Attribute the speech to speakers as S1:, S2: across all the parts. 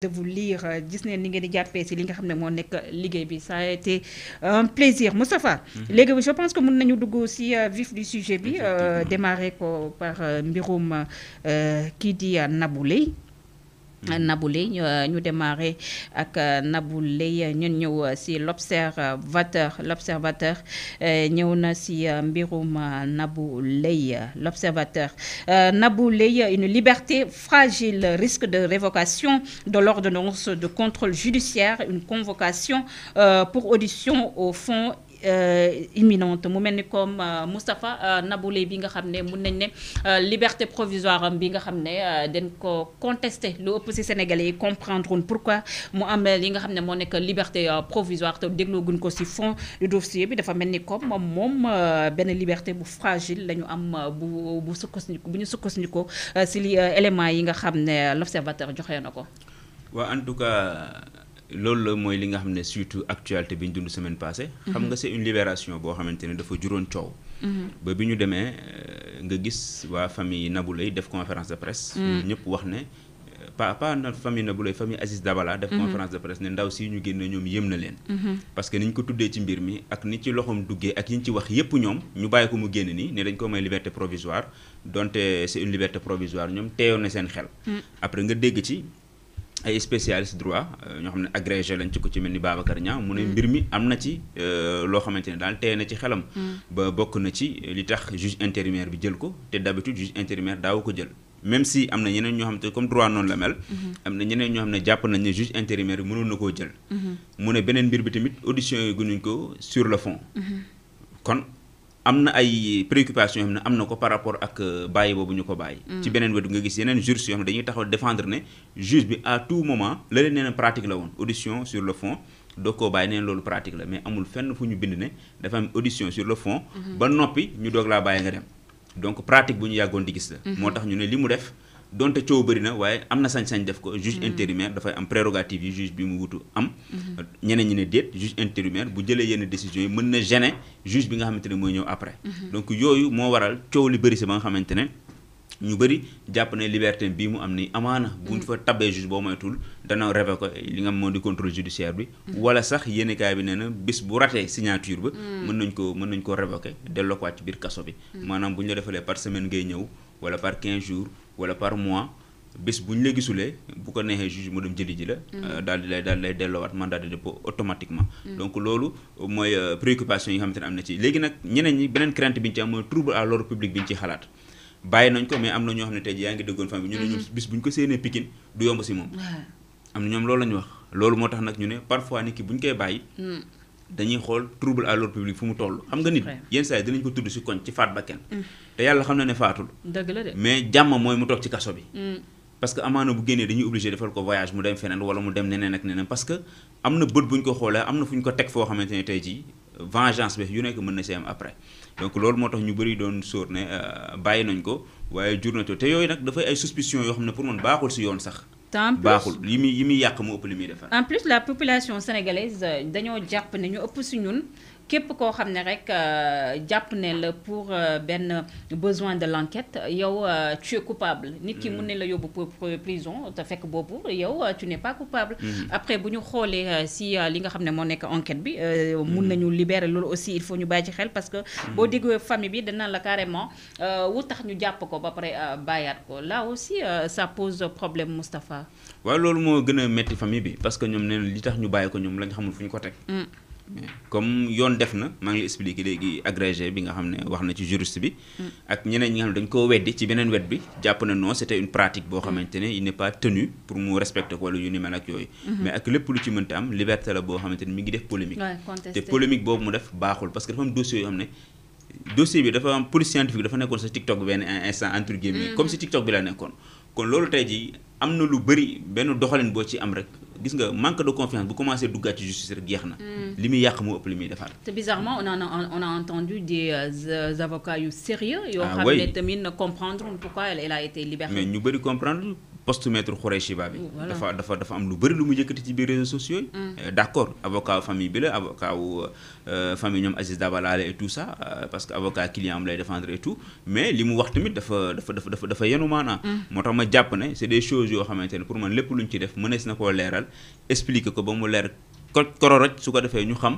S1: de vous lire Disney euh, n'ingé ni c'est di jàppee si li nga ça a été un plaisir Moustapha mhm. je pense que nous nañu aussi vivre euh, vif du sujet bi euh, démarrer par Miroum qui dit à euh, Naboulé, nous euh, démarrons avec ak euh, nous sommes l'observateur l'observateur nous l'observateur Naboulé, une liberté fragile risque de révocation de l'ordonnance de contrôle judiciaire une convocation pour audition au fond euh, imminente mu mel comme euh, Mustapha euh, Nabouleye bi nga xam ne liberté provisoire am bi nga xam ne dañ ko Sénégalais comprendre pourquoi mu am li nga xam liberté provisoire te dégloo gun ko si fond du dossier bi dafa mel comme moom benn liberté bu fragile la ñu am bu bu sukkandiku bu li éléments yi nga l'observateur joxe na ko.
S2: en tout cas loolu la mooy li nga xam ne surtout actualité bi ñu dund semaine passée. xam nga c'est une libération boo xamante ne dafa juróon coow. Mm-hmm. ba bi ñu demee euh, nga gis waa famille Naboulay def conférence de presse. Mm. ñëpp wax ne euh, pas pas na famille Naboulay famille Aziz Dabala. def mm-hmm. conférence de presse ne ndaw si ñu génne ñoom yëm na leen. Mm-hmm. parce que niñ ko tuddee ci mbir mi ak ni ci loxoom duggee ak yiñ ci wax yépp ñoom ñu bàyyi ko mu génn nii ne dañ ko may liberté provisoire donte c'est une liberté provisoire ñoom teeyoon na seen xel. Mm. après nga dégg ci ay spécialiste droit euh, ñoo xamné agrégé lañ ci ko ci mel Babacar Niang mm. mbir mi ci euh, ci xelam mm. ba na li tax juge intérimaire bi jël ko d'habitude même si on ñeneen ñoo droit non la mel mm-hmm. ñeneen juge intérimaire mënu mm-hmm. audition sur le fond mm-hmm amna ay préoccupations yoo ko par rapport ak baye euh, bobu ñuko baye mm. ci benen wet nga gis yenen juristes yoo dañuy taxaw défendre né juge bi à tout moment la leen nee pratique la woon audition sur le fond do ko baye neen lolu pratique la mais amul fenn fu ñu bind né dafa am audition sur le fond. Mm-hmm. ba nopi ñu dog la baye nga dem donc pratique bu ñu yagoon di gis la. Mm-hmm. motax ñu né limu def. donte coow bëri na waaye am na sañ-sañ def ko juge mm. intérimaire dafay am prérogative yi juge bi mu wutu am mm-hmm. ñeneen ñi ne déet juge intérimaire bu jëlee yenn décisions yi mën na gene juge bi nga xamante ne mooy ñëw après mm-hmm. donc yooyu moo waral coow li bëri si ba nga xamante ne ñu bëri jàpp na liberté bii mu am ni amaana buñ mm. fa tabee juge boo moytul dana révoqué ko li nga xam moo di contrôle judiciaire bi mm. wala sax yéenekaay bi nee na bis bu ratee signature ba mën nañ ko mën nañ ko révoqué delloo ko ci biir kaso bi maanaam bu ñu la defalee par semaine ngay ñëw wala par 15 jours wala par mois bés buñ lay gisulé bu ko nexé juge mu dem jëli ji la. Mm. Euh, dal di lay daal di lay delloowaat mandat de dépôt automatiquement. Mm. donc lolu moy euh, préoccupation yi nga amna ci légui nak ñeneen ñi benen crainte biñ ci am mooy trouble à l'ordre public biñ ci xalaat. bayé nañ ko mais amna na ñoo xam ne tey jii yaa ngi déggoon ñu ne mm-hmm. bis bu ko séné Pikine du yomb si mom amna ñom lolu lañ wax lolu motax nak ñu né parfois niki buñ koy bayyi mm dañuy xool trouble à l'ordre public fu mu toll xam nga nit yenn saa yi dinañ ko tudd si koñ ci faat ba kenn mm. te yàlla xam na ne faatul dëgg la de mais jàmm mooy mu toog ci kaso bi mm. parce que amaana bu génnee dañuy obligé defal ko voyage mu dem feneen wala mu dem neneen ak neneen parce que am na bët bu ko xoolee am na fu ñu ko teg foo xamante ne tey jii vengeance bi yu nekk mën na see am après donc loolu moo tax ñu bëri doon sóor ne euh, bàyyi nañ ko waaye jur na te yooyu nag dafay ay suspicion yoo xam ne pour man baaxul si yoon sax en
S1: plus la population sénégalaise euh, dañoo japp ne ñu képp koo xam ne rek euh, jàpp ne la pour euh, benn besoin de l'enquête yow euh, tu es coupable nit ki mun mm. ne la yóbbu pour prison te fekk boobu yow tu n'es pas coupable mm-hmm. après bu ñu xoolee si li nga xam ne moo nekk enquête bi mm-hmm. mun nañu libérer loolu aussi il faut ñu bàyyi ci xel parce que mm-hmm. boo déggee famille bi dana la carrément wu tax ñu jàpp ko ba pare bàyyaat ko là aussi ça pose problème Moustapha
S2: waaw loolu moo gën a métti famille bi parce que ñoom neen li tax ñu bàyyi ko ñoom lañ xamul fu ñu ko teg mm comme yoon def na maa ngi lay expliquer léegi agrégé bi nga xam ne wax na ci juriste bi. Mm. ak ñeneen ñi nga xam ne dañ koo weddi ci beneen wet bi jàpp na non c'était une pratique boo mm. xamante ne il n'est pas tenu pour mu respecter ko wala yu ni mel ak yooyu. Mm-hmm. mais ak lépp lu ci mënta am liberté la boo xamante ne mi ngi def polémique. te polémique boobu mu def baaxul parce que dafa am dossier yoo xam ne. dossier bi dafa am police scientifique dafa nekkoon sa TikTok benn instant entre guillemets mm-hmm. comme si TikTok bi la nekkoon kon loolu tey jii am na lu bëri benn doxalin boo ci am rek gis nga manque de confiance bu commencé duggaat ci justice rek jeex na. Hmm. li muy yàq moo ëpp li muy
S1: bizarrement on a on a entendu des euh, avocats yu sérieux yoo ah xam ne tamit comprendre pourquoi elle a été libérée. mais
S2: ñu bëri comprendre poste maître Khoureychi Ba bi. dafa dafa dafa am lu bëri lu mu yëkkati ci biir réseaux sociaux mm. eh, D'accord, d' accord avocat famille bi la avocat wu euh, famille ñoom Aziz Dabalale et tout ça euh, parce que avocat client am lay défendre et tout mais li mu wax tamit dafa dafa dafa dafa yenu maanaa. Mm. moo ma jàpp ne c' des choses yoo xamante ne pour man lépp lu ñu ci def mënees na koo leeral expliquer ko ba mu leer ko kororoj su ko defee ñu xam.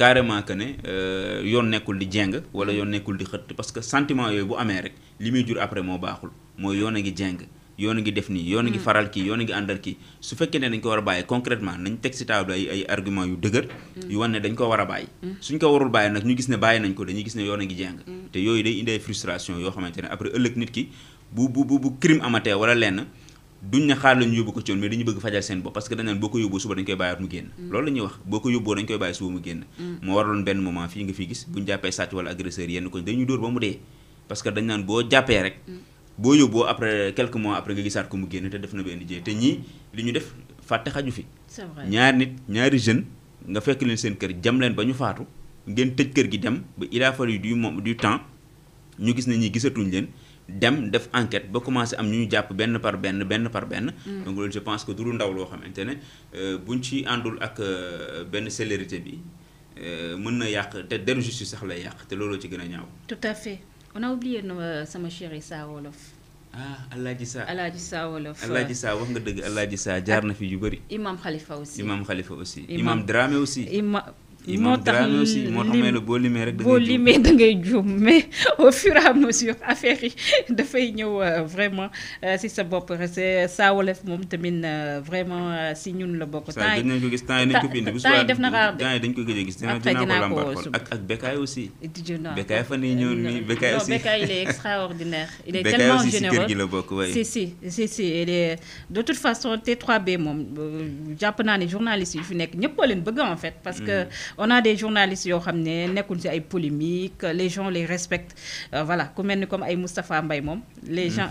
S2: carrément que ne euh, yoon nekkul di jeng wala yoon nekkul di xëtt parce que sentiment yoy bu amé rek li jur après mo baaxul mooy yoon a ngi jeng yoon ngi def nii yoon a ngi mm. faral kii yoon a ngi àndal kii su fekkee ne dañ ko war a bàyyi concrètement nañ teg si table ay argument yu dëgër mm. yu wan ne dañ ko war a bàyyi mm. suñ ko warul bàyyi nag ñu gis ne a yoon mais dañu bëgg fajal seen bopp parce que dañ naan boo ko yóbboo suba dañ koy bàyyiwaat loolu benn moment fii nga fi gis buñ jàppee sàcc wala agresseur yenn ko dañuy dóor ba mu dee parce dañ naan boo jàppee rek après quelques mois après nga gisaat ko mu génn te def na def fi. c'est nit ñaari jeune nga fekk leen seen kër jam leen faatu ngeen kër gi dem ba il a fallu du du temps ñu gis ne ñii gisatuñ leen. dem def enquête ba commencé am ñu japp ben par ben ben par benn. Mm. donc je pense que tout ndaw lo xamante euh buñ ci andul ak euh, célérité bi euh, mën na yaq te justice sax lay yaq ci
S1: tout à fait. on a oublié euh, sama chéri sa wolof. ah Alaaji Sa Alaaji Sa wolof Alaaji
S2: Sa wax nga dëgg ji saa jaar na fi yu bëri.
S1: Imam Khalifa aussi Imam
S2: Khalifa aussi. Imam Dramé aussi. Imam imam aussi
S1: mais au fur et à mesure affaire yi euh, vraiment euh, si sa c'est euh, vraiment si ñun la bokk. aussi. il est extraordinaire. il est tellement généreux si il de toute façon T3B moom jàpp journaliste en fait parce que. Hmm on a des journalistes yo xamné ne ci ay polémique les gens les respectent euh, voilà Comme comme ay Mustapha les mm. gens